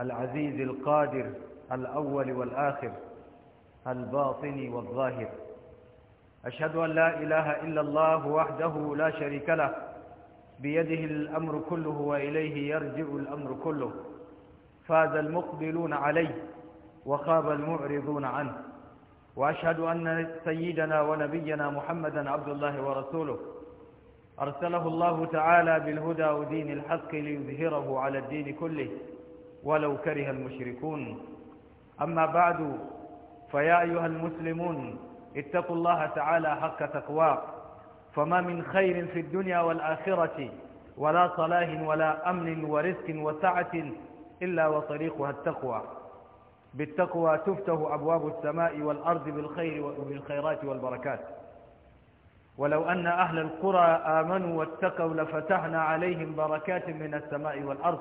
العزيز القادر الأول والآخر الباطن والظاهر أشهد أن لا إله إلا الله وحده لا شريك له بيده الأمر كله وإليه يرجع الأمر كله فاز المقبلون عليه وخاب المعرضون عنه وأشهد أن سيدنا ونبينا محمدا عبد الله ورسوله أرسله الله تعالى بالهدى ودين الحق ليظهره على الدين كله ولو كره المشركون أما بعد فيا أيها المسلمون اتقوا الله تعالى حق تقواه فما من خير في الدنيا والآخرة ولا صلاح ولا أمن ورزق وسعة إلا وطريقها التقوى بالتقوى تفتح أبواب السماء والأرض بالخير وبالخيرات والبركات ولو أن أهل القرى آمنوا واتقوا لفتحنا عليهم بركات من السماء والأرض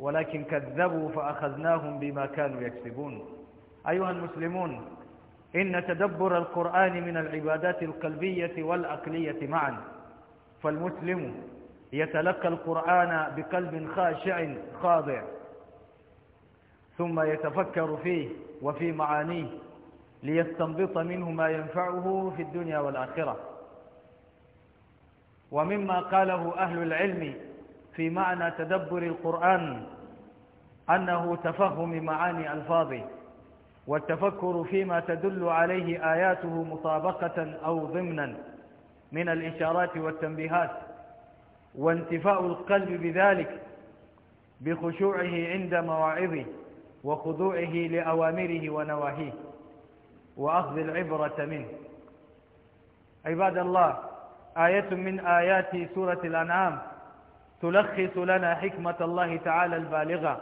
ولكن كذبوا فأخذناهم بما كانوا يكسبون أيها المسلمون إن تدبر القرآن من العبادات القلبية والعقلية معا فالمسلم يتلقى القرآن بقلب خاشع خاضع ثم يتفكر فيه وفي معانيه ليستنبط منه ما ينفعه في الدنيا والآخرة ومما قاله أهل العلم في معنى تدبر القرآن أنه تفهم معاني ألفاظه والتفكر فيما تدل عليه آياته مطابقة أو ضمنا من الإشارات والتنبيهات وانتفاء القلب بذلك بخشوعه عند مواعظه وخضوعه لأوامره ونواهيه وأخذ العبرة منه عباد الله آية من آيات سورة الأنعام تلخص لنا حكمة الله تعالى البالغة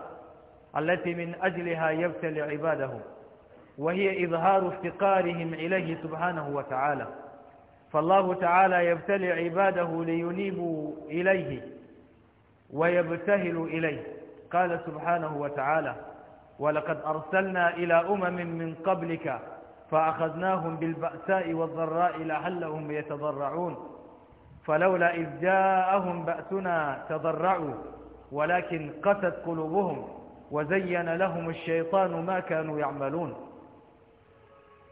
التي من أجلها يبتل عباده وهي إظهار افتقارهم إليه سبحانه وتعالى فالله تعالى يبتل عباده لينيبوا إليه ويبتهلوا إليه قال سبحانه وتعالى ولقد أرسلنا إلى أمم من قبلك فأخذناهم بالبأساء والضراء لعلهم يتضرعون فلولا إذ جاءهم بأسنا تضرعوا ولكن قست قلوبهم وزين لهم الشيطان ما كانوا يعملون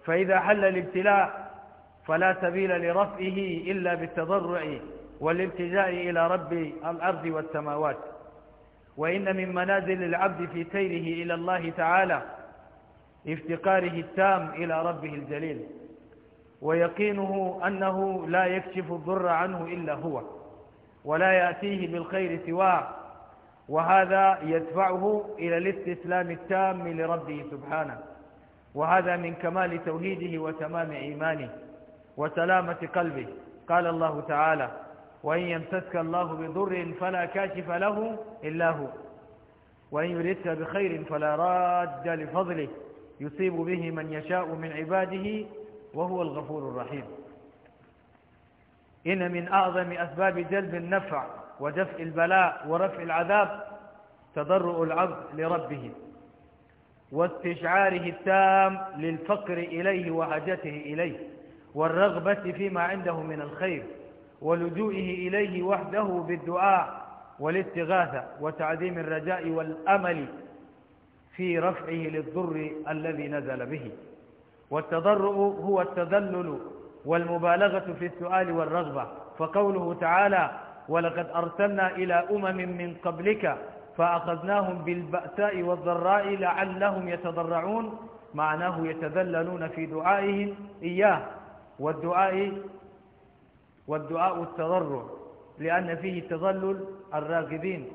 فإذا حل الابتلاء فلا سبيل لرفعه إلا بالتضرع والالتجاء إلى رب الأرض والسماوات وإن من منازل العبد في سيره إلى الله تعالى افتقاره التام إلى ربه الجليل ويقينه أنه لا يكشف الضر عنه إلا هو ولا يأتيه بالخير سواه وهذا يدفعه إلى الاستسلام التام لربه سبحانه وهذا من كمال توحيده وتمام إيمانه وسلامة قلبه قال الله تعالى وإن يمسسك الله بضر فلا كاشف له إلا هو وإن يردك بخير فلا راد لفضله يصيب به من يشاء من عباده وهو الغفور الرحيم إن من أعظم أسباب جلب النفع ودفع البلاء ورفع العذاب تضرع العبد لربه واستشعاره التام للفقر إليه وحاجته إليه والرغبة فيما عنده من الخير ولجوئه إليه وحده بالدعاء والاستغاثة وتعظيم الرجاء والأمل في رفعه للضر الذي نزل به والتضرع هو التذلل والمبالغة في السؤال والرغبة فقوله تعالى ولقد أرسلنا إلى أمم من قبلك فأخذناهم بالبأساء والضراء لعلهم يتضرعون معناه يتذللون في دعائهم إياه والدعاء والدعاء التضرع لأن فيه تذلل الراغبين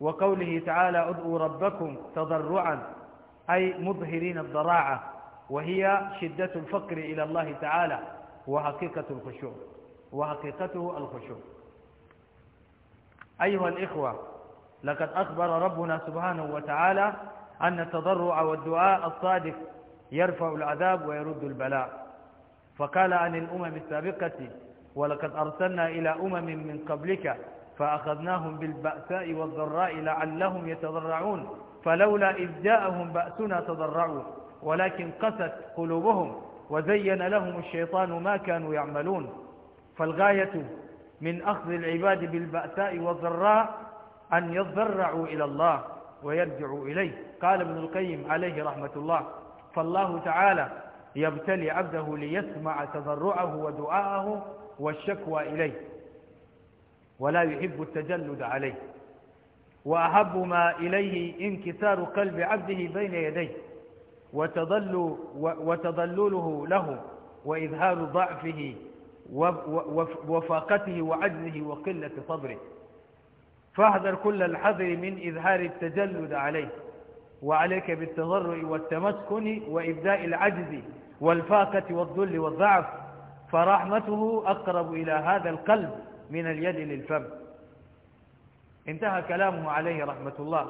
وقوله تعالى ادعوا ربكم تضرعا أي مظهرين الضراعة وهي شدة الفقر إلى الله تعالى وحقيقة الخشوع وحقيقته الخشوع أيها الإخوة لقد أخبر ربنا سبحانه وتعالى أن التضرع والدعاء الصادق يرفع العذاب ويرد البلاء فقال عن الأمم السابقة ولقد أرسلنا إلى أمم من قبلك فأخذناهم بالبأساء والضراء لعلهم يتضرعون فلولا إذ جاءهم بأسنا تضرعوا ولكن قست قلوبهم وزين لهم الشيطان ما كانوا يعملون فالغاية من أخذ العباد بالبأساء والضراء أن يضرعوا إلى الله ويرجعوا إليه قال ابن القيم عليه رحمة الله فالله تعالى يبتلي عبده ليسمع تضرعه ودعاءه والشكوى إليه ولا يحب التجلد عليه وأحب ما إليه انكسار قلب عبده بين يديه وتضل وتضلله له وإذهال ضعفه وفاقته وعجزه وقلة صبره فاحذر كل الحذر من إظهار التجلد عليه وعليك بالتضرع والتمسكن وإبداء العجز والفاقة والذل والضعف فرحمته أقرب إلى هذا القلب من اليد للفم انتهى كلامه عليه رحمة الله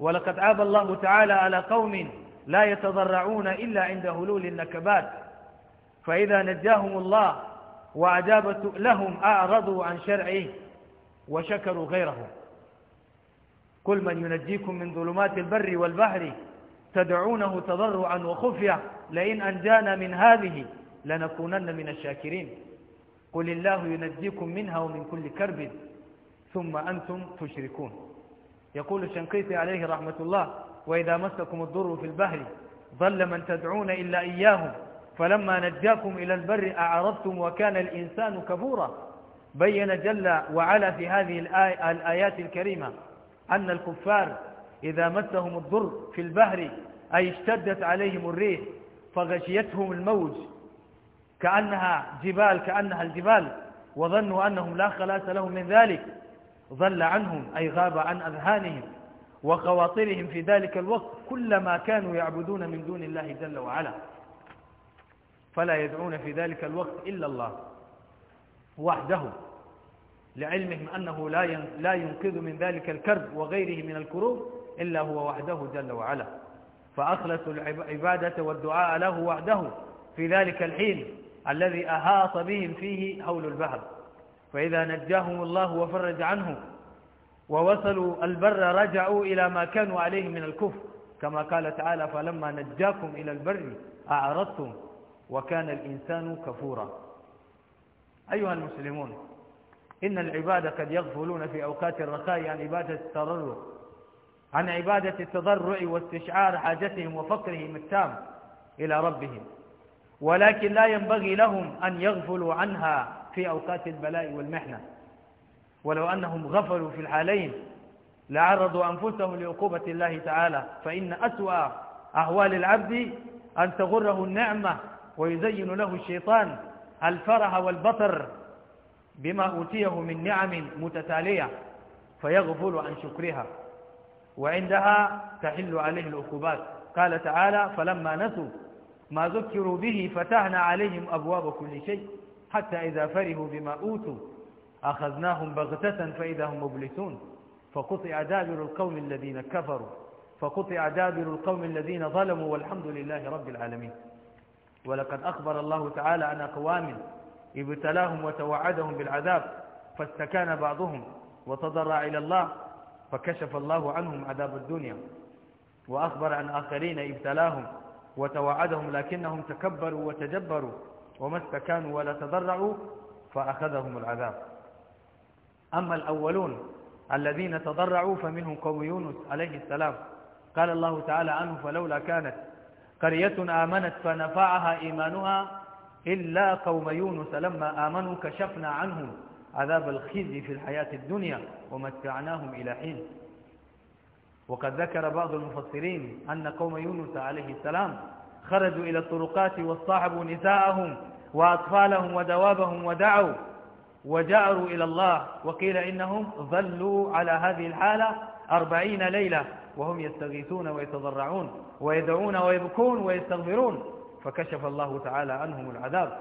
ولقد عاب الله تعالى على قوم لا يتضرعون إلا عند هلول النكبات فإذا نجاهم الله وأجاب لهم أعرضوا عن شرعه وشكروا غيره كل من ينجيكم من ظلمات البر والبحر تدعونه تضرعا وخفية لئن أنجانا من هذه لنكونن من الشاكرين قل الله ينجيكم منها ومن كل كرب ثم أنتم تشركون يقول الشنقيطي عليه رحمة الله وإذا مسكم الضر في البحر ضل من تدعون إلا إياهم فلما نجاكم إلى البر أعرضتم وكان الإنسان كفورا بين جل وعلا في هذه الآي الآيات الكريمة أن الكفار إذا مسهم الضر في البحر أي اشتدت عليهم الريح فغشيتهم الموج كأنها جبال كأنها الجبال وظنوا أنهم لا خلاص لهم من ذلك ظل عنهم أي غاب عن أذهانهم وخواطرهم في ذلك الوقت كل ما كانوا يعبدون من دون الله جل وعلا فلا يدعون في ذلك الوقت إلا الله وحده لعلمهم أنه لا لا ينقذ من ذلك الكرب وغيره من الكروب إلا هو وحده جل وعلا فأخلصوا العبادة والدعاء له وحده في ذلك الحين الذي أهاط بهم فيه هول البحر فإذا نجاهم الله وفرج عنه ووصلوا البر رجعوا إلى ما كانوا عليه من الكفر كما قال تعالى فلما نجاكم إلى البر أعرضتم وكان الإنسان كفورا أيها المسلمون إن العباد قد يغفلون في أوقات الرخاء عن عبادة التضرع عن عبادة التضرع واستشعار حاجتهم وفقرهم التام إلى ربهم ولكن لا ينبغي لهم أن يغفلوا عنها في أوقات البلاء والمحنة ولو أنهم غفلوا في الحالين لعرضوا أنفسهم لعقوبة الله تعالى فإن أسوأ أهوال العبد أن تغره النعمة ويزين له الشيطان الفرح والبطر بما أوتيه من نعم متتالية فيغفل عن شكرها وعندها تحل عليه العقوبات قال تعالى فلما نسوا ما ذكروا به فتحنا عليهم أبواب كل شيء حتى إذا فرهوا بما أوتوا أخذناهم بغتة فإذا هم مبلسون فقطع دابر القوم الذين كفروا فقطع دابر القوم الذين ظلموا والحمد لله رب العالمين ولقد أخبر الله تعالى عن أقوام ابتلاهم وتوعدهم بالعذاب فاستكان بعضهم وتضرع إلى الله فكشف الله عنهم عذاب الدنيا وأخبر عن آخرين ابتلاهم وتوعدهم لكنهم تكبروا وتجبروا وما استكانوا ولا تضرعوا فأخذهم العذاب أما الأولون الذين تضرعوا فمنهم قوم يونس عليه السلام قال الله تعالى عنه فلولا كانت قرية آمنت فنفعها إيمانها إلا قوم يونس لما آمنوا كشفنا عنهم عذاب الخزي في الحياة الدنيا ومتعناهم إلى حين وقد ذكر بعض المفسرين أن قوم يونس عليه السلام خرجوا إلى الطرقات واصطحبوا نساءهم وأطفالهم ودوابهم ودعوا وجأروا إلى الله وقيل إنهم ظلوا على هذه الحالة أربعين ليلة وهم يستغيثون ويتضرعون ويدعون ويبكون ويستغفرون فكشف الله تعالى عنهم العذاب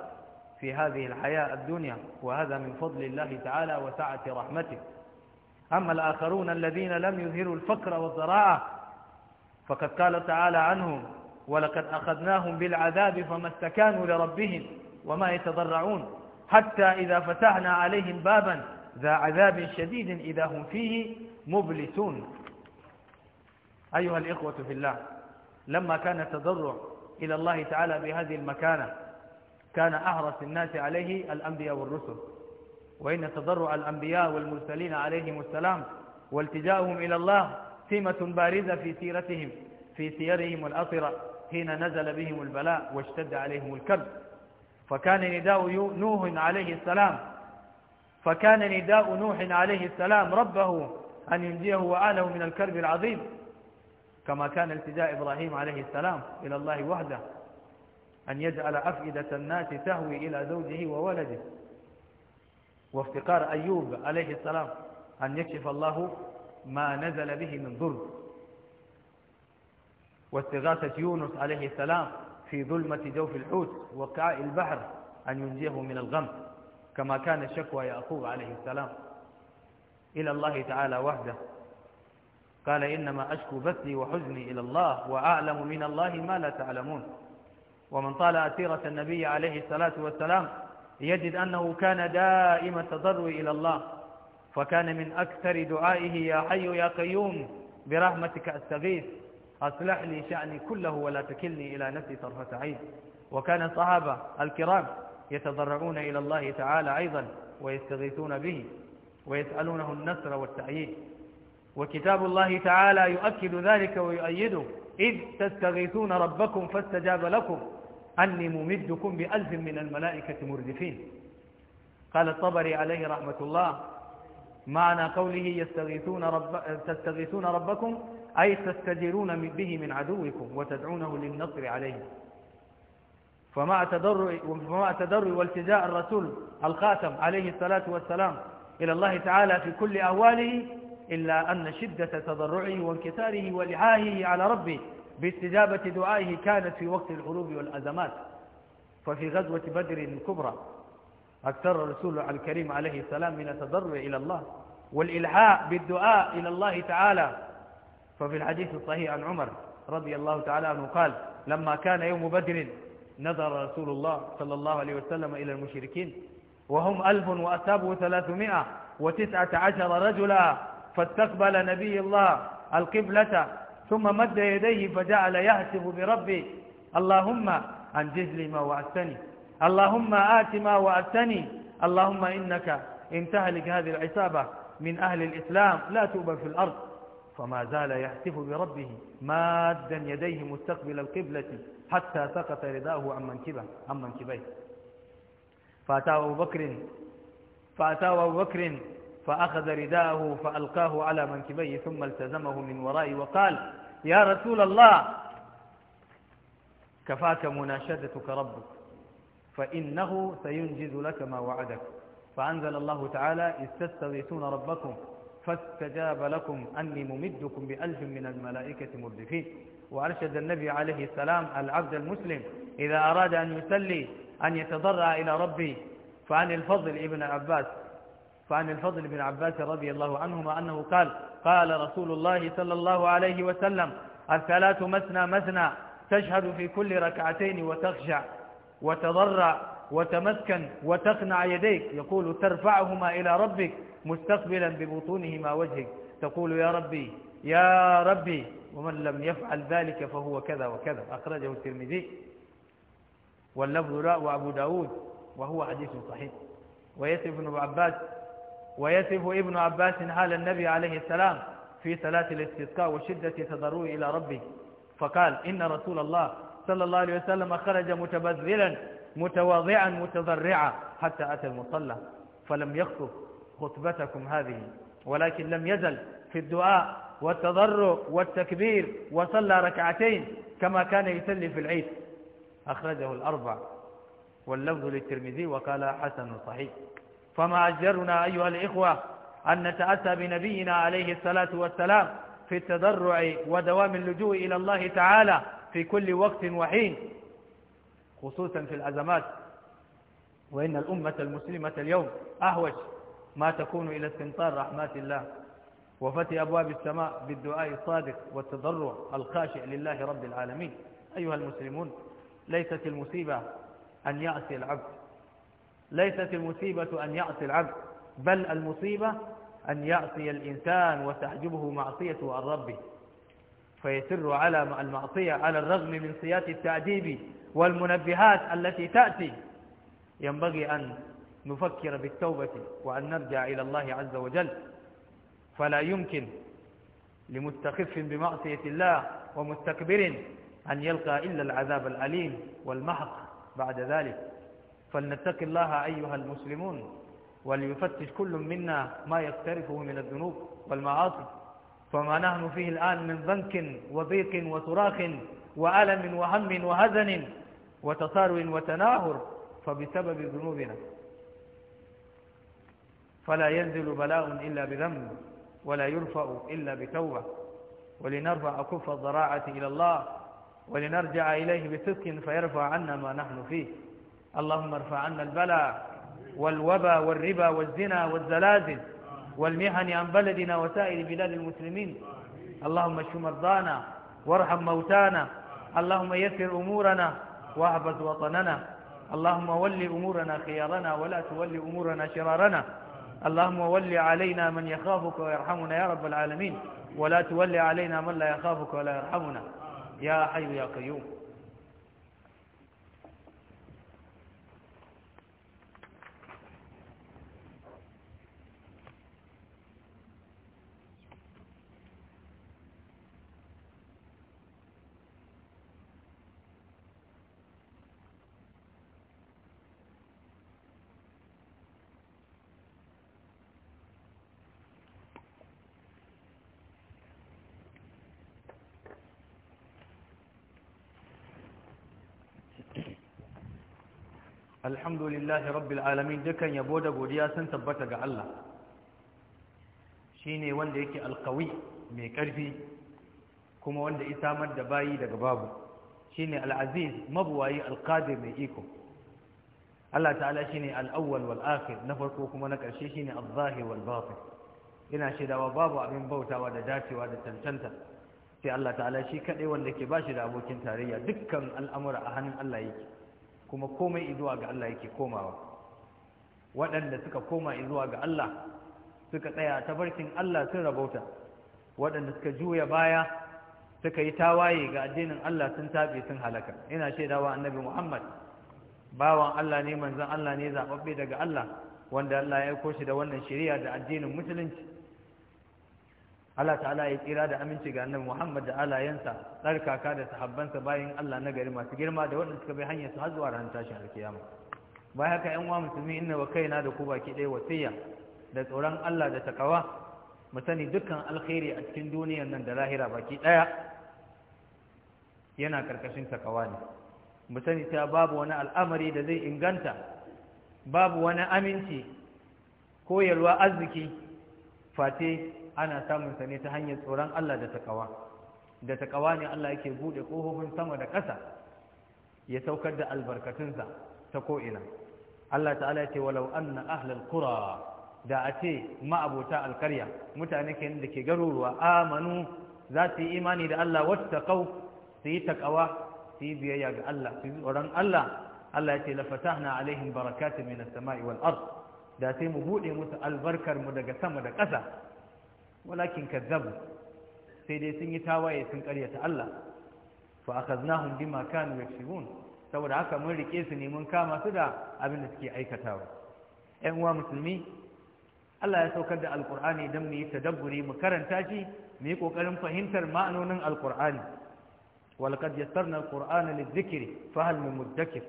في هذه الحياة الدنيا وهذا من فضل الله تعالى وسعة رحمته أما الآخرون الذين لم يظهروا الفقر والضراعة فقد قال تعالى عنهم ولقد أخذناهم بالعذاب فما استكانوا لربهم وما يتضرعون حتى إذا فتحنا عليهم بابا ذا عذاب شديد إذا هم فيه مبلسون أيها الإخوة في الله لما كان التضرع إلى الله تعالى بهذه المكانة كان أحرص الناس عليه الأنبياء والرسل وإن تضرع الأنبياء والمرسلين عليهم السلام والتجاؤهم إلى الله سمة بارزة في سيرتهم في سيرهم الأطرة حين نزل بهم البلاء واشتد عليهم الكرب فكان نداء نوح عليه السلام فكان نداء نوح عليه السلام ربه أن ينجيه وآله من الكرب العظيم كما كان التجاء إبراهيم عليه السلام إلى الله وحده أن يجعل أفئدة الناس تهوي إلى زوجه وولده وافتقار أيوب عليه السلام أن يكشف الله ما نزل به من ضر واستغاثة يونس عليه السلام في ظلمة جوف الحوت وكعاء البحر أن ينجيه من الغم كما كان شكوى يعقوب عليه السلام إلى الله تعالى وحده قال إنما أشكو بثي وحزني إلى الله وأعلم من الله ما لا تعلمون ومن طال سيرة النبي عليه الصلاة والسلام يجد أنه كان دائم تضرو إلى الله فكان من أكثر دعائه يا حي يا قيوم برحمتك أستغيث أصلح لي شأني كله ولا تكلني إلى نفسي طرفة عين وكان الصحابة الكرام يتضرعون إلى الله تعالى أيضا ويستغيثون به ويسألونه النصر والتأييد وكتاب الله تعالى يؤكد ذلك ويؤيده إذ تستغيثون ربكم فاستجاب لكم أني ممدكم بألف من الملائكة مردفين قال الطبري عليه رحمة الله معنى قوله يستغيثون رب تستغيثون ربكم أي تستجيرون به من عدوكم وتدعونه للنصر عليه فمع تضرع فمع تضرع والتجاء الرسول الخاتم عليه الصلاة والسلام إلى الله تعالى في كل أهواله إلا أن شدة تضرعه وانكساره ولعاهه على ربه باستجابة دعائه كانت في وقت الحروب والأزمات ففي غزوة بدر الكبرى أكثر الرسول الكريم عليه السلام من التضرع إلى الله والإلحاء بالدعاء إلى الله تعالى ففي الحديث الصحيح عن عمر رضي الله تعالى عنه قال لما كان يوم بدر نظر رسول الله صلى الله عليه وسلم إلى المشركين وهم ألف وأصابه ثلاثمائة وتسعة عشر رجلا فاستقبل نبي الله القبلة ثم مد يديه فجعل يهتف بربي اللهم أنجز لي ما وعدتني اللهم آت ما وعدتني اللهم إنك إن تهلك هذه العصابة من أهل الإسلام لا توبى في الأرض فما زال يهتف بربه مادا يديه مستقبل القبلة حتى سقط رداه عن منكبه عن منكبيه فأتى أبو بكر فأتى أبو بكر فأخذ رداءه فألقاه على منكبيه ثم التزمه من ورائه وقال يا رسول الله كفاك مناشدتك ربك فإنه سينجز لك ما وعدك فأنزل الله تعالى استستغيثون ربكم فاستجاب لكم أني ممدكم بألف من الملائكة مردفين وأرشد النبي عليه السلام العبد المسلم إذا أراد أن يسلي أن يتضرع إلى ربه فعن الفضل ابن عباس فعن الفضل بن عباس رضي الله عنهما أنه قال قال رسول الله صلى الله عليه وسلم الثلاث مثنى مثنى تشهد في كل ركعتين وتخشع وتضرع وتمسكن وتقنع يديك يقول ترفعهما إلى ربك مستقبلا ببطونهما وجهك تقول يا ربي يا ربي ومن لم يفعل ذلك فهو كذا وكذا أخرجه الترمذي واللفظ وأبو داود وهو حديث صحيح ويصف ابن عباس ويصف ابن عباس حال النبي عليه السلام في صلاة الاستسقاء وشدة تضرعه إلى ربه فقال إن رسول الله صلى الله عليه وسلم خرج متبذلا متواضعا متضرعا حتى أتى المصلى فلم يخطب خطبتكم هذه ولكن لم يزل في الدعاء والتضرع والتكبير وصلى ركعتين كما كان يسلي في العيد أخرجه الأربع واللفظ للترمذي وقال حسن صحيح فما أجرنا أيها الإخوة أن نتأسى بنبينا عليه الصلاة والسلام في التضرع ودوام اللجوء إلى الله تعالى في كل وقت وحين خصوصا في الأزمات وإن الأمة المسلمة اليوم أهوج ما تكون إلى استنطار رحمات الله وفتي أبواب السماء بالدعاء الصادق والتضرع الخاشع لله رب العالمين أيها المسلمون ليست المصيبة أن يعصي العبد ليست المصيبة أن يعصي العبد بل المصيبة أن يعصي الإنسان وتحجبه معصيته عن ربه فيسر على المعصية على الرغم من سيات التعذيب والمنبهات التي تأتي ينبغي أن نفكر بالتوبة وأن نرجع إلى الله عز وجل فلا يمكن لمستخف بمعصية الله ومستكبر أن يلقى إلا العذاب الأليم والمحق بعد ذلك فلنتق الله أيها المسلمون وليفتش كل منا ما يقترفه من الذنوب والمعاصي فما نحن فيه الآن من ضنك وضيق وصراخ وألم وهم وهزن وتصارو وتناهر فبسبب ذنوبنا فلا ينزل بلاء إلا بذنب ولا يرفع إلا بتوبة ولنرفع كف الضراعة إلى الله ولنرجع إليه بصدق فيرفع عنا ما نحن فيه اللهم ارفع عنا البلاء والوبا والربا والزنا والزلازل والمحن عن بلدنا وسائر بلاد المسلمين اللهم اشف مرضانا وارحم موتانا اللهم يسر أمورنا واعبد وطننا اللهم ول أمورنا خيارنا ولا تول أمورنا شرارنا اللهم ول علينا من يخافك ويرحمنا يا رب العالمين ولا تول علينا من لا يخافك ولا يرحمنا يا حي يا قيوم alhamdulillahi rabbil alamin dukan yabo da godiya sun tabbata ga Allah shine wanda yake alqawi mai karfi kuma wanda ya samar da bayi daga babu shine al-aziz mabuwayi al mai iko Allah ta'ala shine al wal akhir na farko kuma na karshe shine al-zahir wal batin ina shaidawa babu abin bautawa da dacewa da tantanta sai Allah ta'ala shi kadai wanda ke bashi da abokin tarayya dukkan al'amura a hannun Allah yake kuma komai izuwa ga Allah yake komawa waɗanda suka koma izuwa ga Allah suka tsaya ta barkin Allah sun rabauta waɗanda suka juya baya suka yi tawaye ga addinin Allah sun taɓe sun halaka ina shaidawa annabi Muhammad bawan Allah ne manzon Allah ne zaɓaɓɓe daga Allah wanda Allah ya aiko da wannan shari'a da addinin musulunci Allah ta'ala ya tsira da aminci ga annabi Muhammad da alayensa tsarkaka da sahabbansa bayan Allah na gari masu girma da wanda suka bai hanyar su har zuwa ran tashin alkiyama bai haka ɗan uwa musulmi inna wa kaina da ku baki ɗaya wasiya da tsoron Allah da takawa mu sani dukkan alkhairi a cikin duniyar nan da lahira baki ɗaya yana karkashin takawa ne mu sani cewa babu wani al'amari da zai inganta babu wani aminci ko yalwa arziki fate ana samun sa ne ta hanyar tsoron Allah da takawa da takawa ne Allah yake bude kofofin sama da ƙasa ya saukar da albarkatunsa ta ko'ina Allah ta'ala ya ce walau anna ahlal qura da a ce ma'abota alkarya mutane kenan da ke garuruwa amanu za su yi imani da Allah wattaqau su yi takawa su yi biyayya ga Allah su tsoron Allah Allah ya ce la fatahna alaihim barakatun minas sama'i wal ard da sai mu bude musu albarkar mu daga sama da ƙasa walakin kazzabu sai dai sun yi tawaye sun ta Allah fa akhadnahum bima kanu yaksibun saboda haka mun rike su ne mun kama su da abin da suke aikatawa ƴan uwa musulmi Allah ya saukar da alqur'ani dan mu yi tadabburi mu karanta shi mu yi kokarin fahimtar ma'anonin alqur'ani walqad yassarna alqur'ana lidhikri fa hal min mudakkir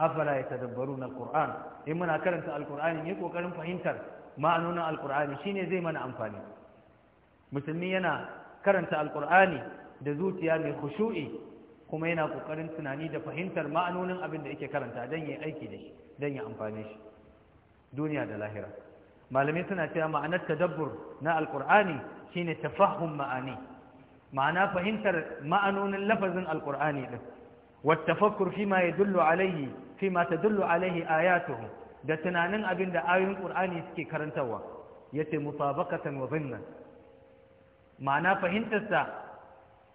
afala yatadabbaruna alqur'an in muna karanta alqur'ani mu yi kokarin fahimtar ma'anonin alkur'ani shine zai mana amfani musulmi yana karanta alkur'ani da zuciya mai khushu'i kuma yana kokarin tunani da fahimtar ma'anonin abin da yake karanta don yi aiki da shi don yi amfani shi duniya da lahira malamai suna cewa ma'anar tadabbur na alkur'ani shine tafahum ma'ani ma'ana fahimtar ma'anonin lafazin alkur'ani din wa tafakkur fima yadullu alayhi fima tadullu alayhi ayatuhu da tunanin abin da ayoyin ƙur'ani suke karantarwa ya ce musabaqatan wa zinnan ma'ana fahimtarsa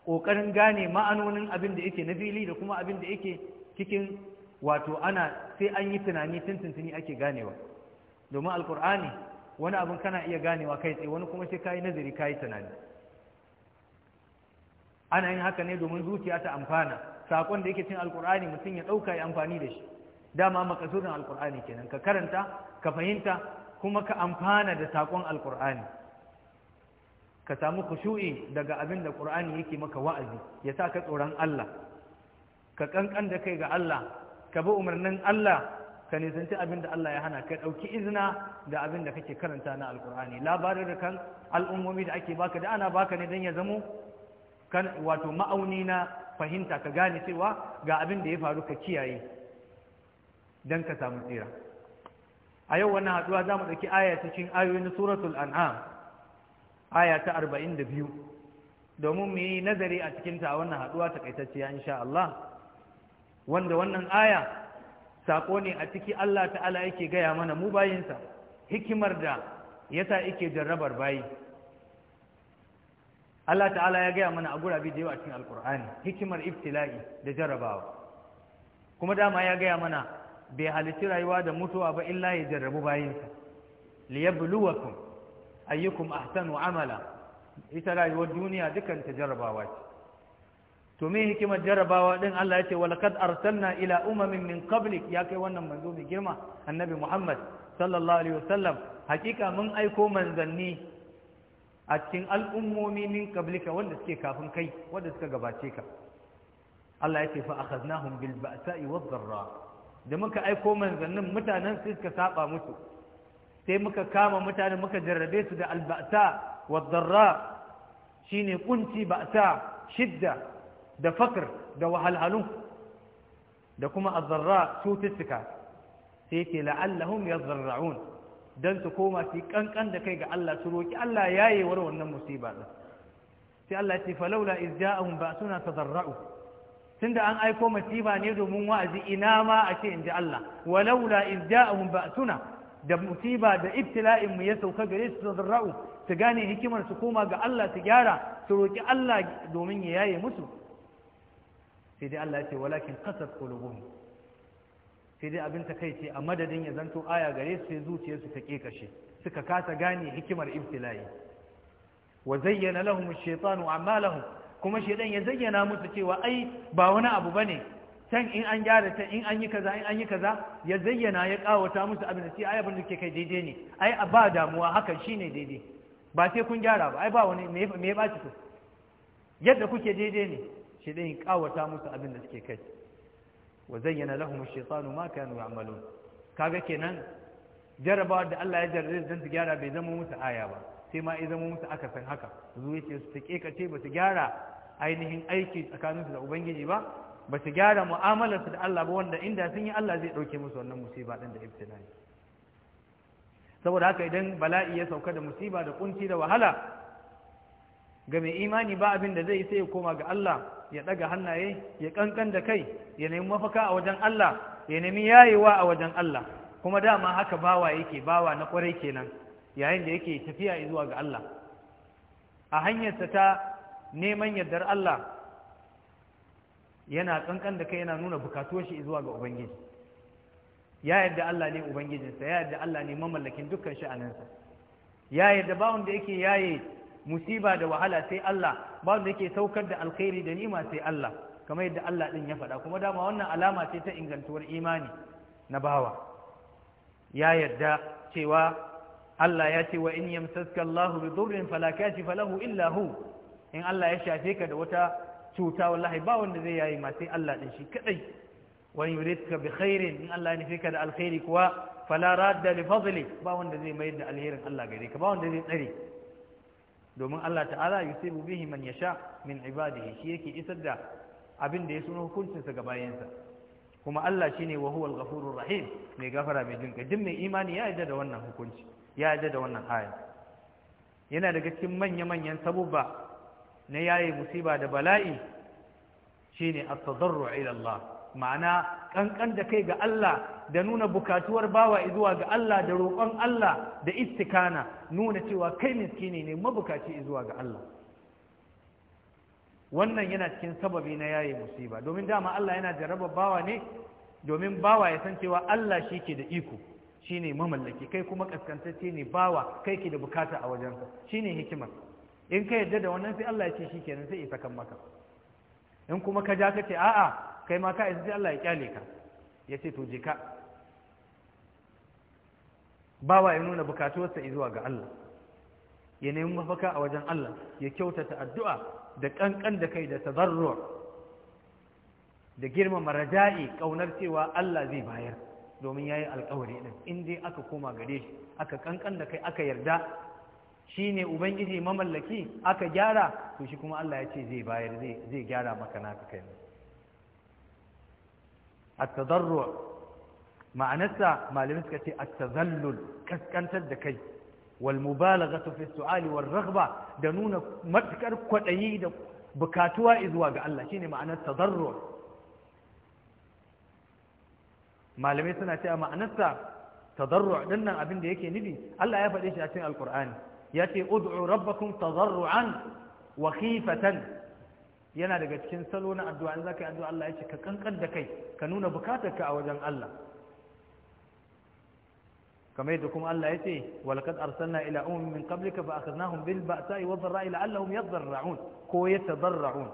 ƙoƙarin gane ma'anonin abin da yake na fili da kuma abin da yake cikin wato ana sai an yi tunani tun-tuntuni ake ganewa domin Alƙur'ani, wani abin kana iya ganewa kai tsaye wani kuma sai kayi nazari kayi tunani ana yin haka ne domin zuciya ta amfana saƙon da yake cin alkur'ani mutum ya ɗauka ya amfani da shi dama makasudin alkur'ani kenan ka karanta ka fahimta kuma ka amfana da saƙon alkur'ani ka samu kushu'i daga abin da ƙur'ani yake maka wa'azi ya sa ka tsoron Allah ka kankan da kai ga Allah ka bi umarnin Allah ka nisanci abin da Allah ya hana ka ɗauki izina da abin da kake karanta na alkur'ani labarin da kan al'ummomi da ake baka da ana baka ne don ya zamo wato ma'auni na fahimta ka gane cewa ga abin da ya faru ka kiyaye Dan ka samu tsira a yau wannan haduwa za mu ɗauki aya cikin ayoyi na suratul an'am aya ta arba'in da domin mu yi nazari a cikinta a wannan haduwa takaitacciya insha Allah wanda wannan aya sako ne a ciki Allah ta'ala yake gaya mana mu bayinsa hikimar da yasa yake jarrabar bayi Allah ta'ala ya gaya mana a gurabi da yawa a cikin alkur'ani hikimar ibtila'i da jarrabawa kuma dama ya gaya mana bai halitti rayuwa da mutuwa ba illa ya jarrabu bayinsa liyabluwakum ayyukum ahsanu amala ita rayuwar duniya dukan ta jarrabawa ce to me hikimar jarrabawa din Allah yace walaqad arsalna ila umamin min qablik ya kai wannan manzo mai girma annabi Muhammad sallallahu alaihi wasallam hakika mun aiko manzanni a cikin al'ummomi min qablika wanda suke kafin kai wanda suka gabace ka Allah yace fa akhadnahum bil ba'sa'i wad dharra da muka aiko manzannin mutanen su suka saba musu sai muka kama mutane muka jarrabe su da alba'sa wa darra shine kunci bata, shidda da fakr da wahalhalu da kuma azzarra cututtuka sai ce la'allahum yazzarra'un dan su koma su kankan da kai ga Allah su roki Allah yayewar war wannan musiba din sai Allah ya ce falaula iz ja'ahum ba'suna tadarra'u tunda an aiko masifa ne domin wa'azi ina ma a ce in ji Allah walaula iz ja'ahum da musiba da ibtila'in mu ya sauka gare su zarra'u su gane hikimar su koma ga Allah su gyara su roki Allah domin ya yaye musu sai dai Allah ya ce walakin qasat qulubuhum sai dai abin takaici a madadin ya zanto aya gare su sai zuciyarsu ta kekashe suka kasa gane hikimar ibtila'i wa zayyana lahum ash-shaytanu a'malahum kuma shedan ya zayyana musu cewa ai ba wani abu bane can in an gyara can in an yi kaza in an yi kaza ya zayyana ya kawata musu abin da ce ai abin da kike kai daidai ne ai a ba damuwa hakan shine daidai ba sai kun gyara ba ai ba wani me me ba ki to yadda kuke daidai ne shedan ya kawata musu abin da suke kai wa zayyana lahum ash-shaytanu ma kanu ya'malun kaga kenan jarabawa da Allah ya jarabe don su gyara bai zama musu aya ba sai ma ya zama musu aka san haka zuwa ce su take kace ba su gyara ainihin aiki tsakaninsu da ubangiji ba ba su gyara mu'amalarsu da Allah ba wanda inda sun yi Allah zai ɗauke musu wannan musiba ɗin da ibtila'i saboda haka idan bala'i ya sauka da musiba da kunci da wahala ga mai imani ba abin da zai sai ya koma ga Allah ya ɗaga hannaye ya kankan da kai ya nemi mafaka a wajen Allah ya nemi yayewa a wajen Allah kuma dama haka bawa yake bawa na kwarai kenan yayin da yake tafiya zuwa ga Allah a hanyarsa ta neman yardar Allah yana tsankan da kai yana nuna bukatuwar shi zuwa ga ubangiji ya yarda Allah ne ubangijinsa ya yarda Allah ne mamallakin dukkan sha'aninsa ya yarda bawon da yake yaye musiba da wahala sai Allah bawon da yake saukar da alkhairi da ni'ima sai Allah kamar yadda Allah din ya faɗa kuma dama wannan alama ce ta ingantuwar imani na bawa ya yarda cewa Allah ya ce wa in yamsaska Allahu bi dhurrin fala kashifa lahu illa hu in Allah ya shafe ka da wata cuta wallahi ba wanda zai yayi ma sai Allah din shi kadai wa yuridka bi khairin in Allah ya nufi ka da alkhairi kuwa fala radda li fadli ba wanda zai mayar da alherin Allah gare ka ba wanda zai tsare domin Allah ta'ala yusibu bihi man yasha min ibadihi shi yake isar da abin da ya hukuncin sa ga bayansa kuma Allah shine wa huwal ghafurur rahim mai gafara mai jinka duk mai imani ya yarda da wannan hukunci ya yarda da wannan aya yana daga cikin manya-manyan sabubba na yaye musiba da bala'i shine at-tadarru ila Allah ma'ana kankan da kai ga Allah da nuna bukatuwar bawa zuwa ga Allah da roƙon Allah da istikana nuna cewa kai miskini ne mabukaci zuwa ga Allah wannan yana cikin sababi na yaye musiba domin dama Allah yana jarraba bawa ne domin bawa ya san cewa Allah shi ke da iko shine mamallaki kai kuma kaskantacce ne bawa kai ke da bukata a wajensa shine hikimar in ka yadda da wannan sai Allah ya ce shi kenan sai isa kan maka in kuma ka ja ka ce a'a kai ma ka isa sai Allah ya kyale ka ya ce to je ka bawa ya nuna bukatuwarsa zuwa ga Allah ya nemi mafaka a wajen Allah ya kyautata addu'a da kankan da kai da tazarru da girmama raja'i kaunar cewa Allah zai bayar domin yayi alƙawari din in dai aka koma gare shi aka kankan da kai aka yarda shine ubangiji mamallaki aka gyara to shi kuma Allah ya ce zai bayar zai gyara maka naka kai at-tadarru ma'anarsa malamai suka ce at-tazallul kaskantar da kai wal mubalaghatu fi su'ali wal raghba da nuna matukar kwadayi da bukatuwa zuwa ga Allah shine ma'anar tadarru malamai suna cewa ma'anarsa tadarru dinnan abin da yake nufi Allah ya faɗe shi a cikin alqur'ani yace ud'u rabbakum tadarruan wa khifatan yana daga cikin salo na addu'a in zaka yi addu'a Allah ya ka kankan da kai ka nuna bukatarka a wajen Allah kamar yadda kuma Allah ya ce walaqad arsalna ila ummin min qablika fa akhadnahum bil ba'sa'i wad dharra'i la'allahum yadarra'un ko yatadarra'un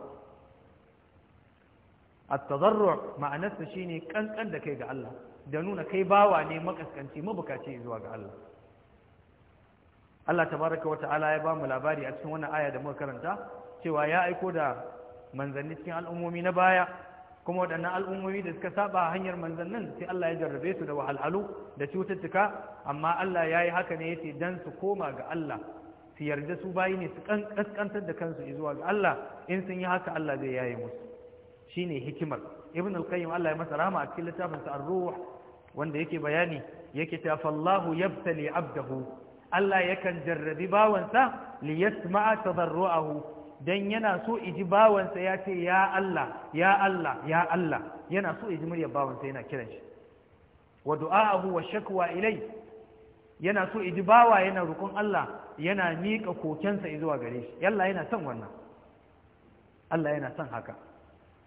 at-tadarru' ma'anarsa shine kankan da kai ga Allah da nuna kai bawa ne makaskanci mabukaci zuwa ga Allah Allah tabaraka wa ala ya ba mu labari a cikin wannan aya da muka karanta cewa ya aiko da manzanni cikin al'ummomi na baya kuma waɗannan al'ummomi da suka saba hanyar manzannin sai Allah ya jarrabe su da wahalhalu da cututtuka amma Allah ya yi haka ne yace dan su koma ga Allah su yarda su bayi ne su kaskantar da kansu zuwa ga Allah in sun yi haka Allah zai yaye musu shine hikimar ibn al-qayyim Allah ya masa rahama a cikin littafinsa ar-ruh wanda yake bayani yake ta fallahu yabtali abdahu Allah yakan jarrabi bawansa li yasma'a tadarruahu dan yana so iji bawansa ya ce ya Allah ya Allah ya Allah yana so iji muryar bawansa yana kiran shi wa du'a'ahu wa shakwa ilai yana so iji bawa yana rukun Allah yana miƙa kokensa zuwa gare shi yalla yana son wannan Allah yana son haka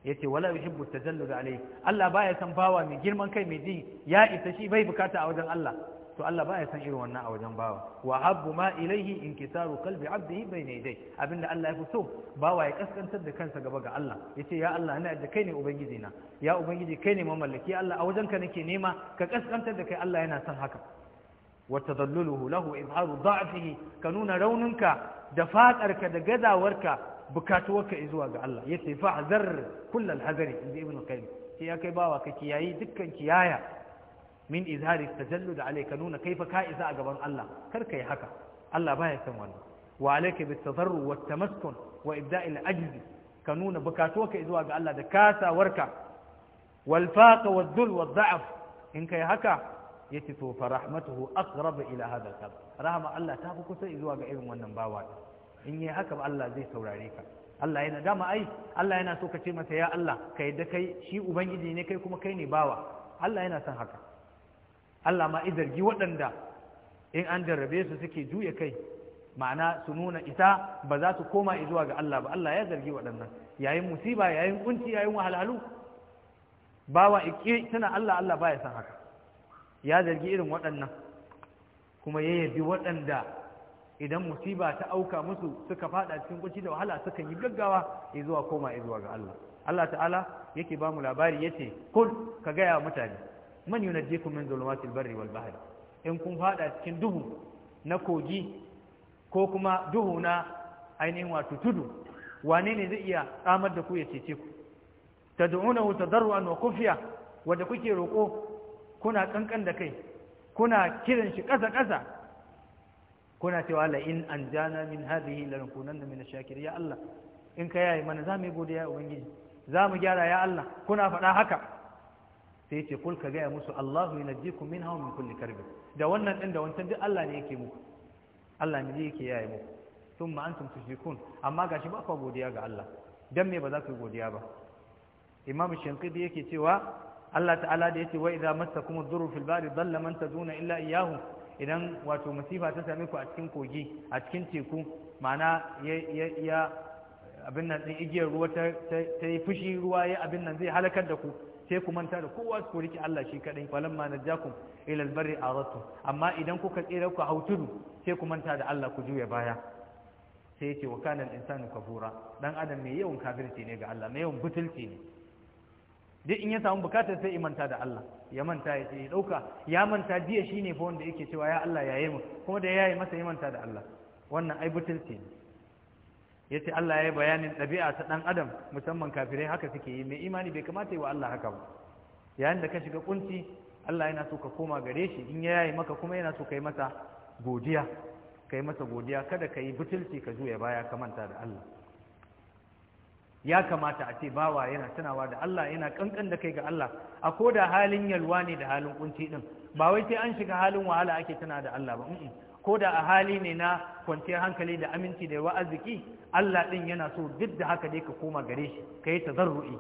yace wala yuhibbu tajallud alayhi Allah baya san bawa mai girman kai mai ji ya isa shi bai bukata a wajen Allah to Allah baya san irin wannan a wajen bawa wa habbu ma ilaihi inkisaru qalbi abdihi bayna yadayhi abinda Allah ya fi so bawa ya kaskantar da kansa gaba ga Allah yace ya Allah ina da kai ne ubangiji na ya ubangiji kai ne mamallaki Allah a wajen ka nake nema ka kaskantar da kai Allah yana son haka wa tadalluluhu lahu izharu da'fihi ka nuna rauninka da fatarka da gazawarka bukatuwarka zuwa ga Allah yace fa'zar kullal hazari inda ibn qayyim sai ya kai bawa ka kiyayi dukkan kiyaya min da tajallud alayka nuna kaifa ka isa a gaban Allah kar kai haka Allah baya san wannan wa alayka bit tadarru wat tamaskun wa ibda'i al ajzi ka nuna bukatuwarka zuwa ga Allah da kasawarka wal faqa wad dul wad da'af in kai haka yace to fa rahmatuhu aqrab ila hadha al rahama Allah ta fi kusa zuwa ga irin wannan bawa in yi haka Allah zai saurare ka Allah yana dama ai Allah yana so ka ce masa ya Allah ka da kai shi ubangiji ne kai kuma kai ne bawa Allah yana son haka Allah ma zargi waɗanda in an jarrabe su suke juya kai ma'ana su nuna ita ba za su koma zuwa ga Allah ba Allah ya zargi waɗannan yayin musiba yayin kunci yayin wahalhalu bawa ikke tana Allah Allah baya san haka ya zargi irin waɗannan kuma ya yabi waɗanda idan musiba ta auka musu suka fada cikin kunci da wahala suka yi gaggawa zuwa koma zuwa ga Allah Allah ta'ala yake ba mu labari yace kul ka gaya mutane man yunajjikum min zulumatil barri wal bahri in kun fada cikin duhu na kogi ko kuma duhu na ainihin wato tudu wane ne zai iya tsamar da ku ya cece ku tad'unahu tadarruan wa kufiya wanda kuke roko kuna kankan da kai kuna kiran shi kasa kasa kuna cewa la in anjana min hadhihi lanakunanna min ash shakir ya Allah in ka yayi mana za mu godiya ubangiji za mu gyara ya Allah kuna faɗa haka sai ce kulka ka gaya musu Allahu yunajjikum minha wa min kulli karb da wannan din da wancan duk Allah ne yake muku Allah ne yake yaye muku thumma antum tushrikun amma gashi ba ku godiya ga Allah dan me ba za ku yi godiya ba Imam Shinqidi yake cewa Allah ta'ala da yace wa idza massakum ad-durru fil bahri dhalla man taduna illa iyyahu idan wato masifa ta same ku a cikin kogi a cikin teku ma'ana ya abin nan din igiyar ruwa ta yi fushi ruwa ya abin nan zai halakar da ku sai ku manta da kowa ku riki Allah shi kaɗai, na jakun ilal bari a rasu. amma idan kuka tsira ku hau tudu sai ku manta da Allah ku juya baya sai ce wa kanan al-insanu kafura dan adam mai yawan kafirci ne ga Allah mai yawan butulci ne duk in ya samu bukatar sai imanta da Allah ya manta ya ce ɗauka ya manta jiya shine fa wanda yake cewa ya Allah yayi mu kuma da yayi masa imanta da Allah wannan ai butulci ne yace Allah ya yi bayanin ɗabi'a ta ɗan adam musamman kafirai haka suke yi mai imani bai kamata yi wa Allah haka ba yayin da ka shiga kunci Allah yana so ka koma gare shi in ya yayi maka kuma yana so ka yi masa godiya ka yi masa godiya kada ka yi butulci ka juya baya ka manta da Allah ya kamata a ce bawa yana tunawa da Allah yana kankan da kai ga Allah a koda halin yalwa ne da halin kunci din ba wai sai an shiga halin wahala ake tuna da Allah ba ko da a hali ne na kwanciyar hankali da aminci da yawa arziki Allah ɗin yana so duk da haka dai ka koma gare shi ka yi tazarru'i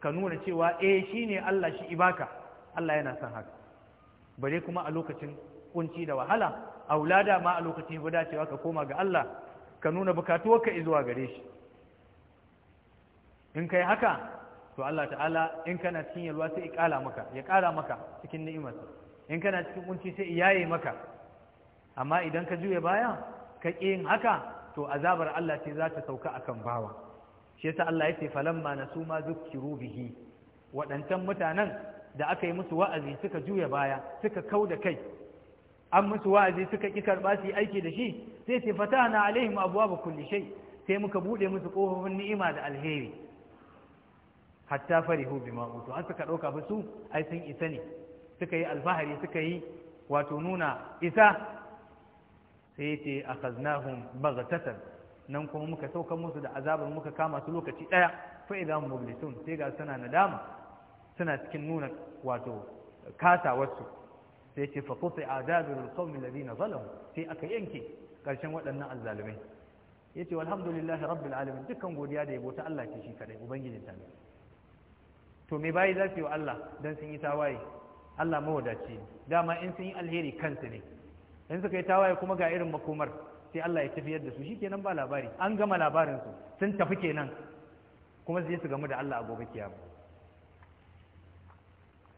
ka nuna cewa e shi ne Allah shi ibaka Allah yana son haka bare kuma a lokacin kunci da wahala aulada ma a lokacin ba dacewa ka koma ga Allah ka nuna bukatuwarka zuwa gare shi in kai haka to Allah ta'ala in kana cikin yalwa sai ya maka ya kara maka cikin ni'imarsa in kana cikin kunci sai ya yaye maka amma idan ka juya baya ka ƙi yin haka to azabar Allah ce za ta sauka akan bawa shi yasa Allah yake falamma nasu ma zukkiru bihi waɗancan mutanen da aka yi musu wa'azi suka juya baya suka kau da kai an musu wa'azi suka ƙi karɓa su yi aiki da shi sai ce fatahna alaihim abwaaba kulli shay sai muka buɗe musu ƙofofin ni'ima da alheri hatta farihu bima utu an suka ɗauka ba su ai sun isa ne suka yi alfahari suka yi wato nuna isa sai ya ce a kaznahun bagatatan nan kuma muka sauka musu da azabar muka kama su lokaci ɗaya fa'ida mublisun sai ga suna nadama suna cikin nuna wato kasawarsu sai ce fa kusa adabir alqawmi alladhina zalamu sai aka yanke karshen waɗannan azzalumai yace walhamdulillahi rabbil alamin dukkan godiya da yabo ta Allah ke shi kadai ubangijin ta to me bayi za su yi wa Allah dan sun yi tawaye Allah mawadaci dama in sun yi alheri kansu ne in suka yi tawaye kuma ga irin makomar sai Allah ya tafiyar da su shikenan ba labari an gama labarin su sun tafi kenan kuma zai su gamu da Allah a gobe kiyama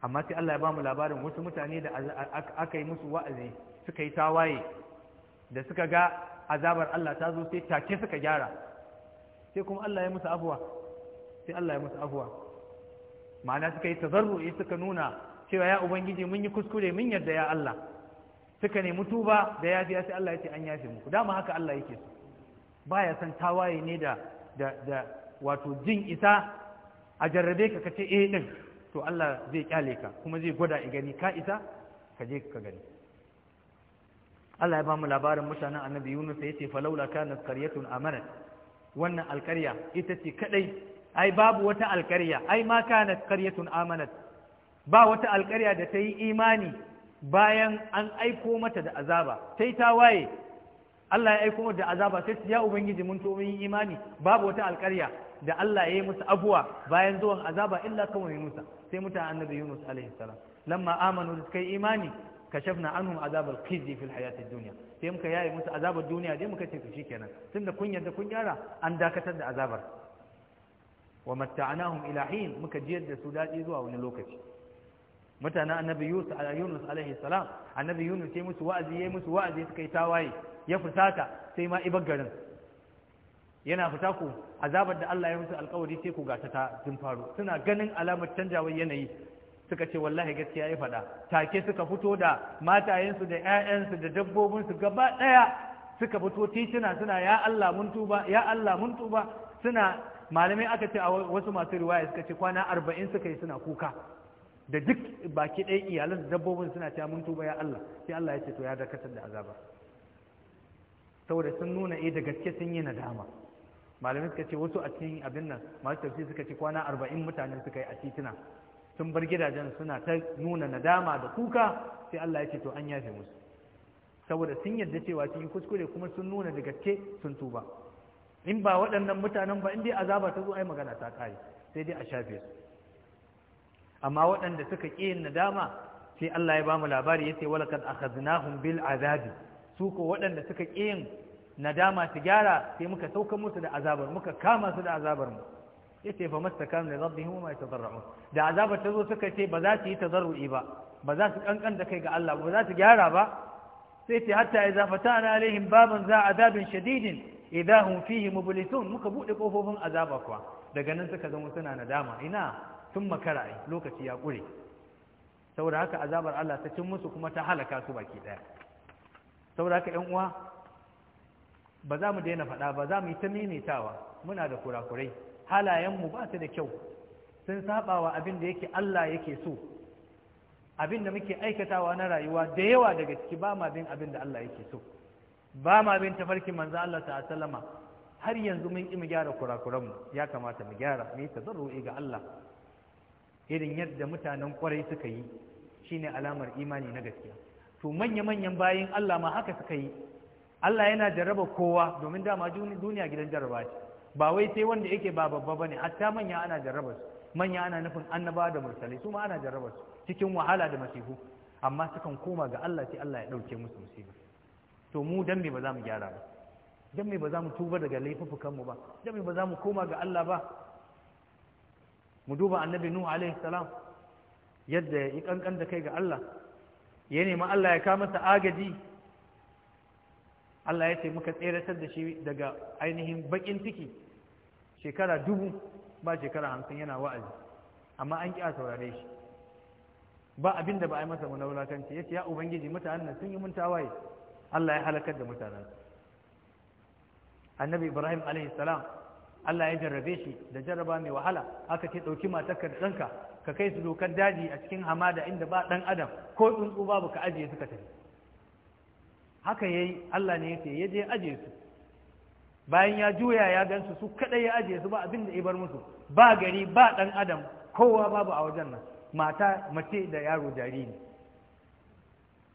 amma sai Allah ya ba mu labarin wasu mutane da aka yi musu wa'azi suka yi tawaye da suka ga azabar Allah ta zo sai take suka gyara sai kuma Allah ya musu afuwa sai Allah ya musu afuwa ma'ana suka yi tazarru suka nuna cewa ya ubangiji mun yi kuskure mun yarda ya Allah suka nemi tuba da yafiya sai Allah ya ce an yafe muku dama haka Allah yake so baya san tawaye ne da da da wato jin isa a jarrabe ka kace eh din to Allah zai kyale ka kuma zai gwada i gani ka isa ka je ka gani Allah ya ba mu labarin mutanen Annabi Yunus ya ce falaula kanat qaryatun amanat wannan alkarya ita ce kadai ai babu wata alkarya ai ma kanat qaryatun amanat ba wata alkarya da ta yi imani bayan an aiko mata da azaba sai ta waye Allah ya aiko mata da azaba sai ya ubangiji mun to mun yi imani babu wata alƙarya da Allah ya yi musu abuwa bayan zuwan azaba illa kawai Musa sai mutane annabi Yunus alaihi salam lamma amanu da suka yi imani kashafna anhum azab al-khizy fi al-hayat ad-dunya sai muka yayi musu azabar duniya dai muka ce to shikenan tunda kun yarda kun gyara an dakatar da azabar wa matta'nahum ila hin muka jiyar da su dadi zuwa wani lokaci mutanen annabi yusuf yunus alaihi salam annabi yunus ya musu wa'azi ya musu wa'azi suka yi tawaye ya fusata sai ma ibar yana fita ku azabar da Allah ya musu alkawari sai ku gata ta jin faru suna ganin alamar canjawar yanayi suka ce wallahi gaskiya ya faɗa take suka fito da matayensu da 'ya'yansu da dabbobinsu gaba ɗaya suka fito tituna suna ya Allah mun tuba ya Allah mun tuba suna malamai aka ce a wasu masu riwaya suka ce kwana arba'in suka yi suna kuka da duk baki ɗaya iyalan da dabbobin suna cewa mun tuba ya Allah sai Allah ya ce to ya dakatar da azaba saboda sun nuna eh da gaske sun yi nadama malamai suka ce wasu a cikin abin nan masu tafsiri suka ce kwana arba'in mutane suka yi a titina sun bar gidajen suna ta nuna nadama da kuka sai Allah ya ce to an yafe musu saboda sun yarda cewa sun yi kuskure kuma sun nuna da gaske sun tuba in ba waɗannan mutanen ba in dai azaba ta zo ai magana ta kare sai dai a shafe su amma waɗanda suka ƙi yin nadama sai Allah ya ba mu labari yace walaqad akhadnahum bil azabi su ko waɗanda suka ƙi yin nadama su gyara sai muka sauka musu da azabar muka kama su da azabar mu yace fa mastakam li rabbihim ma yatadarrun da azabar ta zo suka ce ba za su yi tazarru'i ba ba za su kankan da kai ga Allah ba za su gyara ba sai ce hatta idza fatana alaihim baban za azabin shadidin idza hum fihi mublisun muka bude kofofin azaba kuwa daga nan suka zama suna nadama ina Tun makara ai lokaci ya ƙure saboda haka azabar Allah ta cin musu kuma ta halaka su baki ɗaya saboda haka ‘yan uwa ba za mu daina faɗa ba za mu yi ta maimaitawa muna da kurakurai halayenmu ba su da kyau sun saba wa abin da yake Allah yake so abin da muke aikatawa na rayuwa da yawa daga ciki ba ma bin abin da Allah yake so ba ma bin tafarkin manzo Allah ta sallama har yanzu mun ki mu gyara kurakuranmu ya kamata mu gyara mu yi tazarru ga Allah irin yadda mutanen kwarai suka yi shine alamar imani na gaskiya to manya-manyan bayan Allah ma haka suka yi Allah yana jarraba kowa domin dama duniya gidan jarraba ce ba wai sai wanda yake ba babba ba ne. hatta manya ana jarraba su manya ana nufin annabawa da mursalai su ma ana jarraba su cikin wahala da masifu amma sukan koma ga Allah sai Allah ya ɗauke musu musiba to mu dan me ba za mu gyara ba dan me ba za mu tuba daga laifukan mu ba dan me ba za mu koma ga Allah ba mu duba annabi nuhu alaihi salam yadda ya kankan da kai ga Allah ya nemi Allah ya kama masa agaji Allah ya ce muka tseratar da shi daga ainihin bakin ciki shekara dubu ba shekara hamsin yana wa'azi amma an ƙi saurare shi ba abin da ba a yi masa na wulakanci ya ce ya ubangiji mutanen sun yi mun Allah ya halakar da mutanen annabi ibrahim alaihi salam Allah ya jarrabe shi da jarraba mai wahala aka ce ɗauki matakar ɗanka ka kai su dokar daji a cikin hamada inda ba ɗan adam ko tsuntsu babu ka ajiye suka tafi haka yayi Allah ne ce ya je ajiye su bayan ya juya ya gansu su kadai ya ajiye su ba abin da ya bar musu ba gari ba ɗan adam kowa babu a wajen nan mata mace da yaro jariri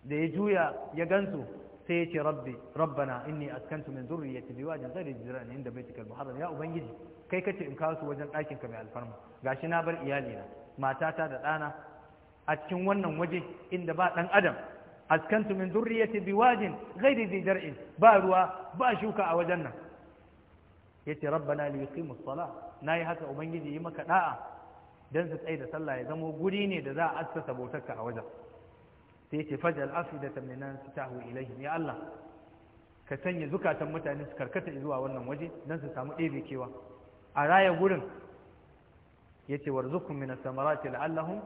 da ya juya ya gansu sai ya ce rabbi rabbana inni askantu min zurriyyati bi zari jiran inda baitikal muharram ya ubangiji kai kace in kawo su wajen ɗakin ka mai alfarma gashi na bar iyali na matata da ɗana a cikin wannan waje inda ba ɗan adam askantu min zurriyyati bi ghairi dhi zar'in ba ruwa ba shuka a wajen nan yace rabbana li yuqimu as-salah nayi haka ubangiji yi maka da'a dan su tsaye da sallah ya zamo guri ne da za a assasa bautarka a wajen sai ce fajal afidatan minan tahu ilaihim ya Allah ka sanya zukatan mutane su karkata zuwa wannan waje dan su samu ɗebe kewa a raya gurin yace warzuqhum min as-samarati la'allahum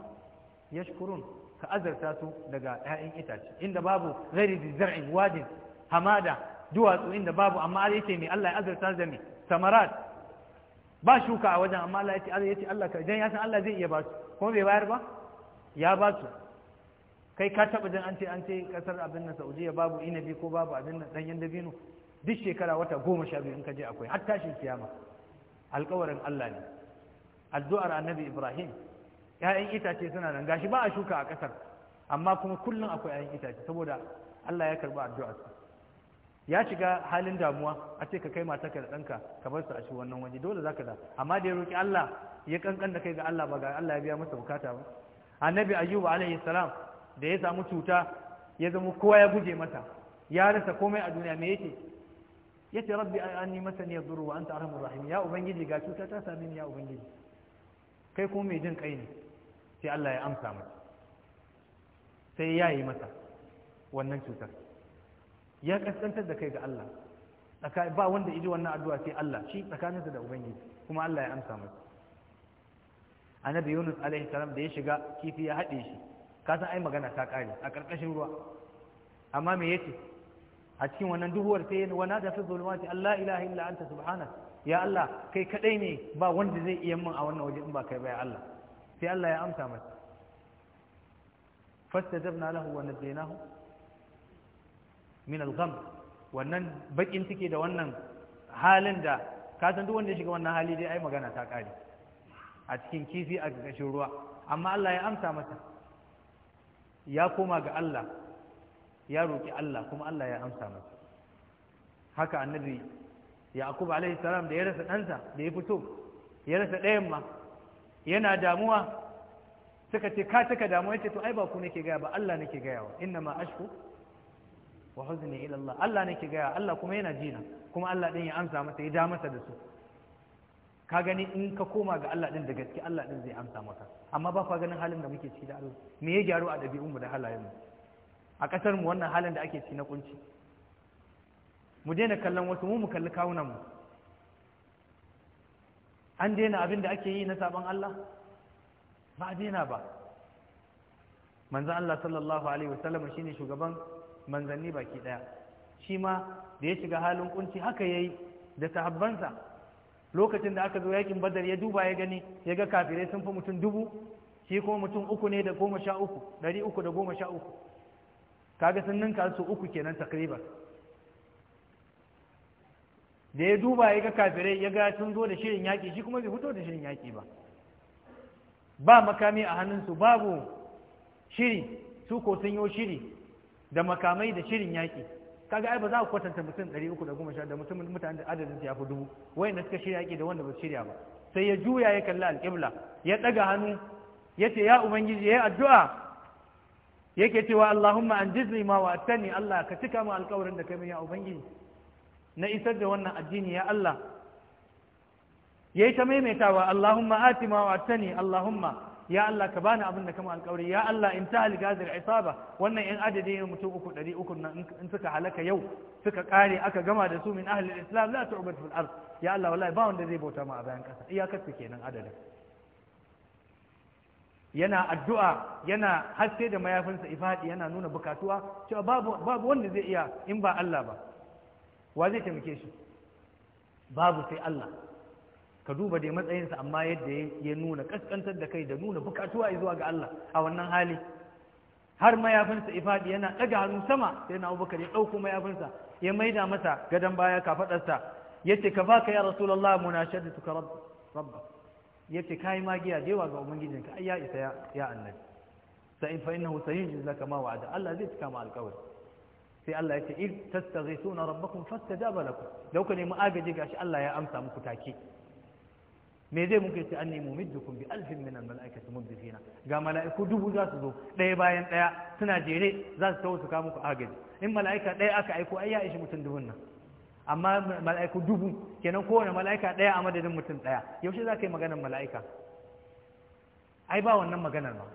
yashkurun ka azarta su daga 'ya'yan itace inda babu ghairi zar'in wadin hamada duwatsu inda babu amma Allah yace me Allah ya azarta da me samarat ba shuka a wajen amma Allah yace Allah yace Allah ka idan ya san Allah zai iya ba su kuma bai bayar ba ya ba su kai ka taba jin an ce an ce kasar abin nan saudiya babu inabi ko babu abin nan danyen dabino duk shekara wata goma sha biyu in ka je akwai har tashin kiyama alkawarin allah ne addu'ar annabi ibrahim ‘ya'yan itace suna nan gashi ba a shuka a ƙasar amma kuma kullum akwai ‘ya'yan itace saboda Allah ya karɓi addu'ar ya shiga halin damuwa a ce ka kai matarka da ɗanka ka bar su a shi wannan waje dole zaka da amma da ya roki Allah ya kankan da kai ga Allah ba ga Allah ya biya masa bukata ba annabi ayyuba alaihi salam da ya samu cuta ya zama kowa ya guje masa ya rasa komai a duniya me yake yace rabbi anni masani yadurru wa anta arhamur rahim ya ubangiji ga cuta ta same ni ya ubangiji kai kuma mai jin kai ne sai Allah ya amsa masa sai ya yi masa wannan cutar ya kaskantar da kai ga Allah ba wanda iji wannan addu'a sai Allah shi tsakaninsa da ubangiji kuma Allah ya amsa masa annabi Yunus alaihi salam da ya shiga kifi ya haɗe shi ka san ai magana ta kare a ƙarƙashin ruwa amma me yake a cikin wannan duhuwar sai wa nada fi zulumati Allah ilaha illa anta subhanak ya Allah kai kadai ne ba wanda zai iya min a wannan waje in ba kai ba ya Allah sai Allah ya amsa masa fastajabna lahu wa najaynahu min al-gham wannan bakin take da wannan halin da ka san duk wanda ya shiga wannan hali dai ai magana ta kare a cikin kifi a ƙarƙashin ruwa amma Allah ya amsa masa ya koma ga Allah ya roƙi Allah kuma Allah ya amsa masa haka annabi yaqub alaihi salam da ya rasa ɗansa da ya fito ya rasa ɗayan ma yana damuwa suka ce ka taka damuwa yace to ai ba ku nake gaya ba Allah nake gaya wa inna ma ashku wa huzni ila Allah Allah nake gaya Allah kuma yana jina kuma Allah din ya amsa masa ya ja da su ka gani in ka koma ga Allah din da gaske Allah din zai amsa maka amma ba fa ganin halin da muke ciki da Allah me ya gyaru a dabi'un mu da halayen mu a kasar mu wannan halin da ake ciki na kunci mu daina kallon wasu mu mu kalli kawunan mu an daina abin da ake yi na saban Allah ba a daina ba manzan Allah sallallahu alaihi wasallam shine shugaban manzanni baki daya shi ma da ya shiga halin kunci haka yayi da sahabbansa lokacin da aka zo yakin badar ya duba ya gani ya ga kafirai sun fi mutum dubu shi kuma mutum uku ne da goma sha uku ɗari uku da goma sha uku kaga sun ninka su uku kenan takriban da ya duba ya ga kafirai ya ga sun zo da shirin yaƙi shi kuma bai fito da shirin yaƙi ba ba makami a hannunsu babu shiri su ko sun yi shiri da makamai da shirin yaƙi kaga ai ba za ku kwatanta mutum ɗari uku da mutum mutanen da adadin su ya fi dubu wayanda suka shirya yake da wanda ba su shirya ba sai ya juya ya kalli alƙibla ya ɗaga hannu ya ce ya ubangiji ya yi addu'a yake cewa Allahumma an jizni ma wa attani Allah ka cika mu alƙawarin da kai min ya ubangiji na isar da wannan addini ya Allah yayi ta maimaitawa Allahumma ati ma wa attani Allahumma ya Allah ka bani abin da kama alƙawari ya Allah in ta halika hazir isaba wannan yan adadi ne mutum uku ɗari uku nan in suka halaka yau suka kare aka gama da su min ahalin islam la tu'bad fil ard ya Allah wallahi ba wanda zai bauta ma a bayan ƙasa iyakar su kenan adadin yana addu'a yana haske da mayafinsa ifadi yana nuna bukatuwa cewa babu babu wanda zai iya in ba Allah ba wa zai taimake shi babu sai Allah ka duba dai matsayinsa amma yadda ya nuna kaskantar da kai da nuna bukatuwa zuwa ga Allah a wannan hali har mayafinsa ifadi yana ɗaga hannu sama sai na abubakar ya ɗauko mayafinsa ya maida masa gadon baya kafaɗarsa ya ce ka ka ya rasulallah muna shadda tuka rabba ya ce kayi magiya jewa ga ubangijinka ai ya isa ya annabi sa'in fa innahu sayyidu zaka ma wa'ada Allah zai cika ma alƙawari sai Allah ya ce in tastaghithuna rabbakum fastajaba lakum dauka ne mu agaji gashi Allah ya amsa muku take me zai muka ce anni mumiddukum bi alfin min al malaikati mudbirina ga malaiku dubu za su zo ɗaya bayan ɗaya suna jere za su tawo su kawo muku agaji in malaika ɗaya aka aiko ai ya ishi mutum dubun nan amma malaiku dubu kenan kowane malaika ɗaya a madadin mutum ɗaya yaushe za ka yi maganar malaika ai ba wannan maganar ma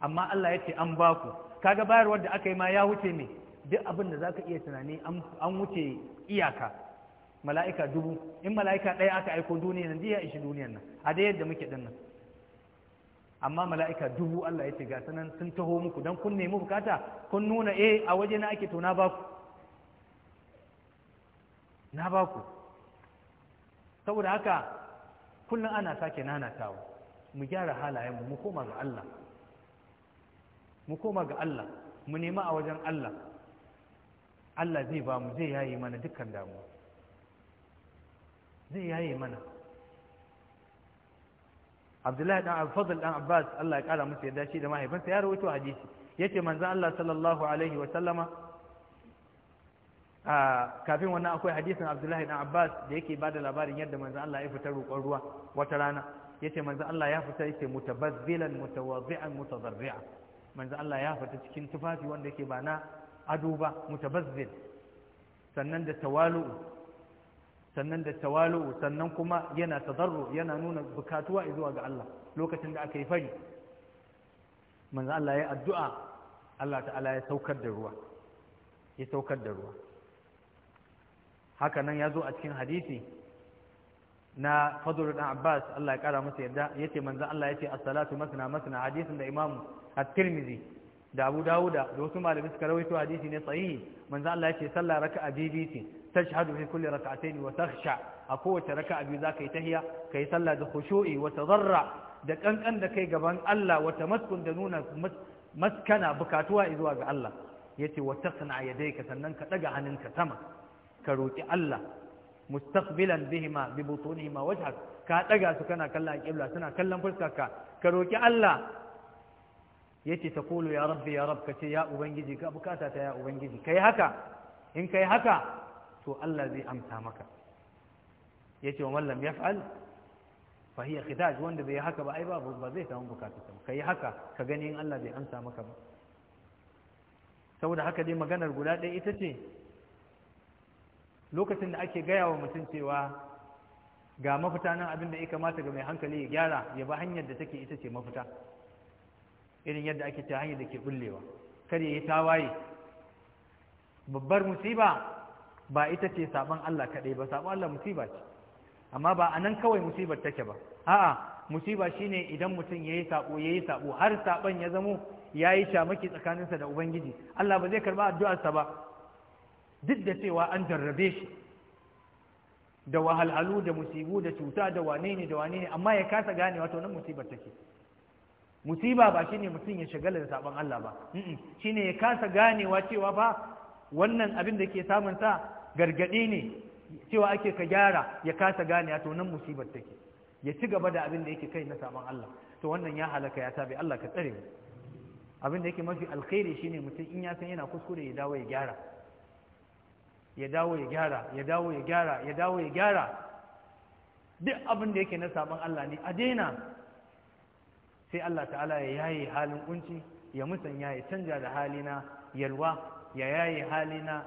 amma Allah ya ce an ba ku kaga bayarwar da aka yi ma ya wuce me duk abin da za ka iya tunani an wuce iyaka mala'ika dubu in mala'ika ɗaya aka aiko duniyar nan ya ishi duniyan nan a dai yadda muke dinnan amma mala'ika dubu Allah ya ce ga sanan sun taho muku dan kun nemi bukata kun nuna eh a waje na ake to na ku, na ba ku. saboda haka kullum ana sake nanatawa mu gyara halayen mu koma ga Allah mu koma ga Allah mu nema a wajen Allah Allah zai ba mu zai yayi mana dukkan damuwa zai yaye mana abdullahi dan al dan abbas Allah ya kara musu yadda shi da mahaifinsa ya rawaito hadisi yace manzo Allah sallallahu alaihi wa sallama kafin wannan akwai hadisin abdullahi dan abbas da yake bada labarin yadda manzo Allah ya fita roƙon ruwa wata rana yace manzo Allah ya fita yace mutabazzilan mutawaddi'an mutadarri'a manzo Allah ya fita cikin tufafi wanda yake ba na ado ba mutabazzil sannan da tawalu sannan da tawalu sannan kuma yana tadarru yana nuna bukatuwa zuwa ga Allah lokacin da aka yi fari manzo Allah ya addu'a Allah ta'ala ya saukar da ruwa ya saukar da ruwa haka nan ya zo a cikin hadisi na fadlu dan Abbas Allah ya kara masa yadda yace manzo Allah yace as-salatu masna masna hadisin da Imam At-Tirmidhi da Abu dawuda da wasu malamai suka rawaito hadisi ne sahihi manzo Allah yace sallah raka'a bibiti B.B.C. تشهد في كل ركعتين وتخشع اكو تركع ابي ذاك يتهيا كي صلى بخشوع وتضرع ده كان كان ده كي غبان الله وتمسكن ده نونا مسكنا بكاتوا ايزوا ga Allah yace wa taqna yadayka sannan ka daga hannunka sama ka roki Allah mustaqbilan bihima bi ma wajhak ka daga su kana kallon kibla suna kallon fuskarka ka roki Allah yace taqulu ya rabbi ya rabbi ya ubangiji ka bukata ta ya ubangiji kai haka in kai haka to Allah zai amsa maka yace wa mallam yaf'al fa hiya khitaj wanda bai haka ba ai ba ba zai samu bukatu ka yi haka ka gani in Allah zai amsa maka ba saboda haka dai maganar guda ɗaya ita ce lokacin da ake gaya wa mutum cewa ga mafita nan abin da ya kamata ga mai hankali ya gyara ya ba hanyar da take ita ce mafita irin yadda ake ta hanyar da ke bullewa kar ya yi tawaye babbar musiba ba ita ce saban Allah kaɗai ba saban Allah musiba ce amma ba a nan kawai musibar take ba a'a musiba shine idan mutum yayi sabo yayi sabo har saban ya zamo yayi shamaki tsakaninsa da ubangiji Allah ba zai karba addu'arsa ba duk da cewa an jarrabe shi da wahalhalu da musibu da cuta da wane ne da wane ne amma ya kasa gane wato nan musibar take musiba ba shi ne mutum ya shagala da saban Allah ba shine ya kasa ganewa cewa ba. wannan abin da ke samun sa gargaɗi ne cewa ake ka gyara ya kasa gane a nan musibar take ya ci gaba da abin da yake kai na saman Allah to wannan ya halaka ya tabi Allah ka tsare mu abin da yake mafi alkhairi shine mutum in ya san yana kuskure ya dawo ya gyara ya dawo ya gyara ya dawo ya gyara ya dawo ya gyara duk abin da yake na sabon Allah ne a daina sai Allah ta'ala ya yaye halin kunci ya musanya ya canja da halina yalwa ya yaye halina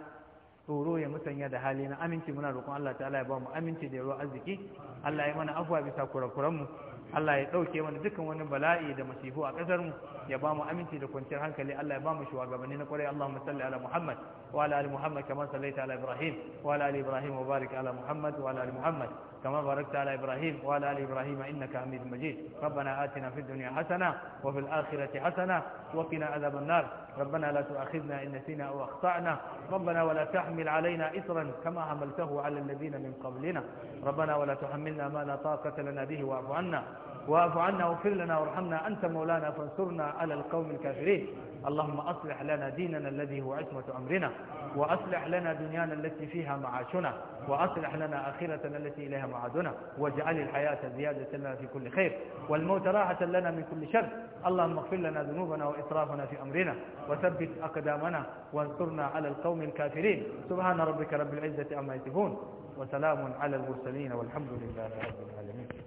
tsoro ya musanya da halina aminci muna roƙon Allah ta'ala ya ba mu aminci da ruwa arziki Allah ya mana afuwa bisa kurakuran mu Allah ya ɗauke mana dukkan wani bala'i da masifu a ƙasar mu ya ba mu aminci da kwanciyar hankali Allah ya ba mu shugabanni na ƙwarai Allahumma salli ala Muhammad وعلى آل محمد كما صليت على إبراهيم وعلى آل إبراهيم وبارك على محمد وعلى آل محمد كما باركت على إبراهيم وعلى آل إبراهيم إنك حميد مجيد ربنا آتنا في الدنيا حسنة وفي الآخرة حسنة وقنا عذاب النار ربنا لا تؤاخذنا إن نسينا أو أخطأنا ربنا ولا تحمل علينا اثرا كما حملته على الذين من قبلنا ربنا ولا تحملنا ما لا طاقة لنا به واعف عنا واعف عنا واغفر لنا وارحمنا أنت مولانا فانصرنا على القوم الكافرين اللهم أصلح لنا ديننا الذي هو عصمة أمرنا وأصلح لنا دنيانا التي فيها معاشنا وأصلح لنا آخرتنا التي إليها معادنا واجعل الحياة زيادة لنا في كل خير والموت راحة لنا من كل شر اللهم اغفر لنا ذنوبنا وإسرافنا في أمرنا وثبت أقدامنا وانصرنا على القوم الكافرين سبحان ربك رب العزة أما يتفون وسلام على المرسلين والحمد لله رب العالمين